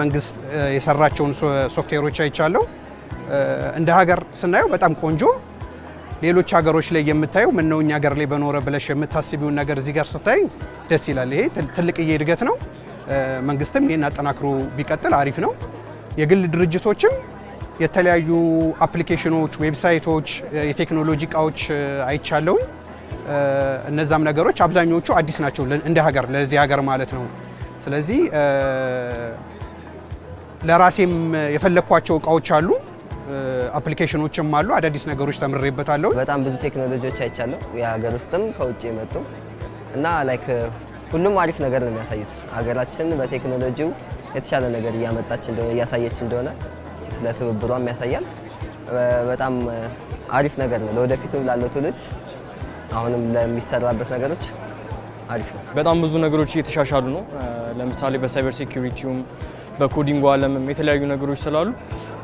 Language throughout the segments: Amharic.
መንግስት የሰራቸውን ሶፍትዌሮች አይቻለሁ። እንደ ሀገር ስናየው በጣም ቆንጆ ሌሎች ሀገሮች ላይ የምታየው ነው እኛ ሀገር ላይ በኖረ ብለሽ የምታስቢውን ነገር እዚህ ጋር ስታይ ደስ ይላል። ይሄ ትልቅዬ እድገት ነው። መንግስትም ይህን አጠናክሮ ቢቀጥል አሪፍ ነው። የግል ድርጅቶችም የተለያዩ አፕሊኬሽኖች፣ ዌብሳይቶች፣ የቴክኖሎጂ እቃዎች አይቻለሁ። እነዛም ነገሮች አብዛኞቹ አዲስ ናቸው እንደ ሀገር ለዚህ ሀገር ማለት ነው። ስለዚህ ለራሴም የፈለግኳቸው እቃዎች አሉ፣ አፕሊኬሽኖችም አሉ። አዳዲስ ነገሮች ተምሬበታለሁ። በጣም ብዙ ቴክኖሎጂዎች አይቻለሁ፣ የሀገር ውስጥም ከውጭ የመጡ እና ላይክ ሁሉም አሪፍ ነገር ነው የሚያሳዩት። ሀገራችን በቴክኖሎጂው የተሻለ ነገር እያመጣች እንደሆነ እያሳየች እንደሆነ ስለ ትብብሯም ያሳያል። በጣም አሪፍ ነገር ነው ለወደፊቱ ላለው ትውልድ አሁንም ለሚሰራበት ነገሮች አሪፍ ነው። በጣም ብዙ ነገሮች እየተሻሻሉ ነው። ለምሳሌ በሳይበር ሴኪሪቲውም በኮዲንጉ አለምም የተለያዩ ነገሮች ስላሉ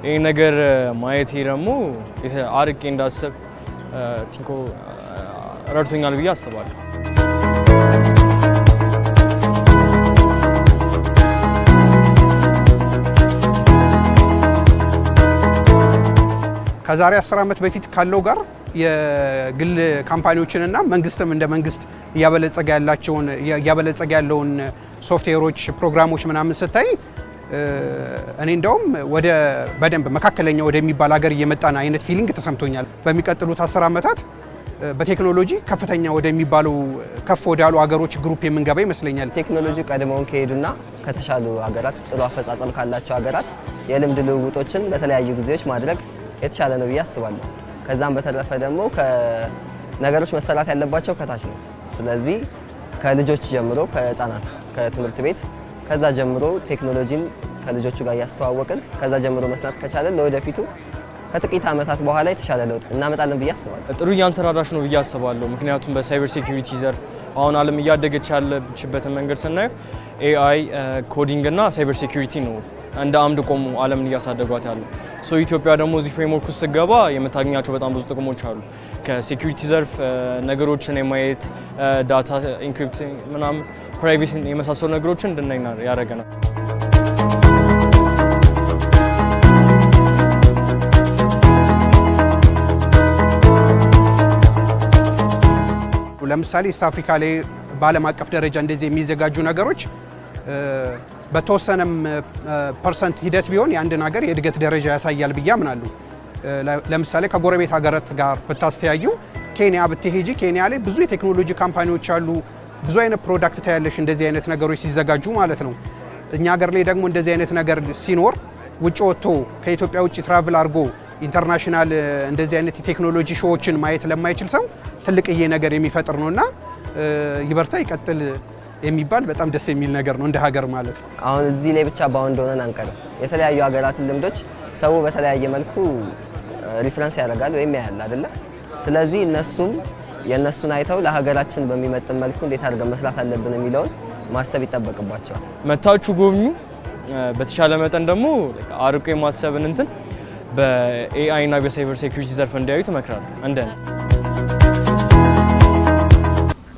ይህ ነገር ማየቴ ደግሞ አርቄ እንዳስብ ቲንኮ ረድቶኛል ብዬ አስባለሁ። ከዛሬ 10 ዓመት በፊት ካለው ጋር የግል ካምፓኒዎችንና መንግስትም እንደ መንግስት እያበለጸገ ያላቸውን እያበለጸገ ያለውን ሶፍትዌሮች፣ ፕሮግራሞች ምናምን ስታይ እኔ እንደውም ወደ በደንብ መካከለኛ ወደሚባል ሀገር እየመጣን አይነት ፊሊንግ ተሰምቶኛል። በሚቀጥሉት አስር ዓመታት በቴክኖሎጂ ከፍተኛ ወደሚባሉ ከፍ ወዳሉ ሀገሮች ግሩፕ የምንገባ ይመስለኛል። ቴክኖሎጂ ቀድመውን ከሄዱና ከተሻሉ ሀገራት ጥሩ አፈጻጸም ካላቸው ሀገራት የልምድ ልውውጦችን በተለያዩ ጊዜዎች ማድረግ የተሻለ ነው ብዬ አስባለሁ። ከዛም በተረፈ ደግሞ ነገሮች መሰራት ያለባቸው ከታች ነው። ስለዚህ ከልጆች ጀምሮ ከህፃናት ከትምህርት ቤት ከዛ ጀምሮ ቴክኖሎጂን ከልጆቹ ጋር እያስተዋወቅን ከዛ ጀምሮ መስናት ከቻለን ለወደፊቱ ከጥቂት ዓመታት በኋላ የተሻለ ለውጥ እናመጣለን ብዬ አስባለሁ። ጥሩ እያንሰራራሽ ነው ብዬ አስባለሁ። ምክንያቱም በሳይበር ሴኩሪቲ ዘርፍ አሁን ዓለም እያደገች ያለችበትን መንገድ ስናየው ኤአይ፣ ኮዲንግ እና ሳይበር ሴኩሪቲ ነው እንደ አምድ ቆሙ ዓለምን እያሳደጓት ያሉ። ኢትዮጵያ ደግሞ እዚህ ፍሬምወርክ ውስጥ ስገባ የምታገኛቸው በጣም ብዙ ጥቅሞች አሉ። ከሴኩሪቲ ዘርፍ ነገሮችን የማየት ዳታ ኢንክሪፕት ምናምን፣ ፕራይቬሲ የመሳሰሉ ነገሮችን ያደረገ ነው። ለምሳሌ ኢስት አፍሪካ ላይ በዓለም አቀፍ ደረጃ እንደዚህ የሚዘጋጁ ነገሮች በተወሰነም ፐርሰንት ሂደት ቢሆን የአንድን ሀገር የእድገት ደረጃ ያሳያል ብዬ አምናለሁ። ለምሳሌ ከጎረቤት ሀገራት ጋር ብታስተያዩ ኬንያ ብትሄጂ ኬንያ ላይ ብዙ የቴክኖሎጂ ካምፓኒዎች አሉ። ብዙ አይነት ፕሮዳክት ታያለሽ፣ እንደዚህ አይነት ነገሮች ሲዘጋጁ ማለት ነው። እኛ ሀገር ላይ ደግሞ እንደዚህ አይነት ነገር ሲኖር ውጭ ወጥቶ ከኢትዮጵያ ውጭ ትራቭል አድርጎ ኢንተርናሽናል እንደዚህ አይነት የቴክኖሎጂ ሾዎችን ማየት ለማይችል ሰው ትልቅዬ ነገር የሚፈጥር ነው እና ይበርታ ይቀጥል የሚባል በጣም ደስ የሚል ነገር ነው እንደ ሀገር ማለት ነው። አሁን እዚህ ላይ ብቻ ባሁን እንደሆነን አንቀርም። የተለያዩ ሀገራትን ልምዶች ሰው በተለያየ መልኩ ሪፍረንስ ያደርጋል ወይም ያያል አይደለ? ስለዚህ እነሱም የእነሱን አይተው ለሀገራችን በሚመጥን መልኩ እንዴት አድርገን መስራት አለብን የሚለውን ማሰብ ይጠበቅባቸዋል። መታችሁ ጎብኙ። በተሻለ መጠን ደግሞ አርቆ የማሰብን እንትን በኤአይ እና በሳይበር ሴኩሪቲ ዘርፍ እንዲያዩ ትመክራለሁ እንደ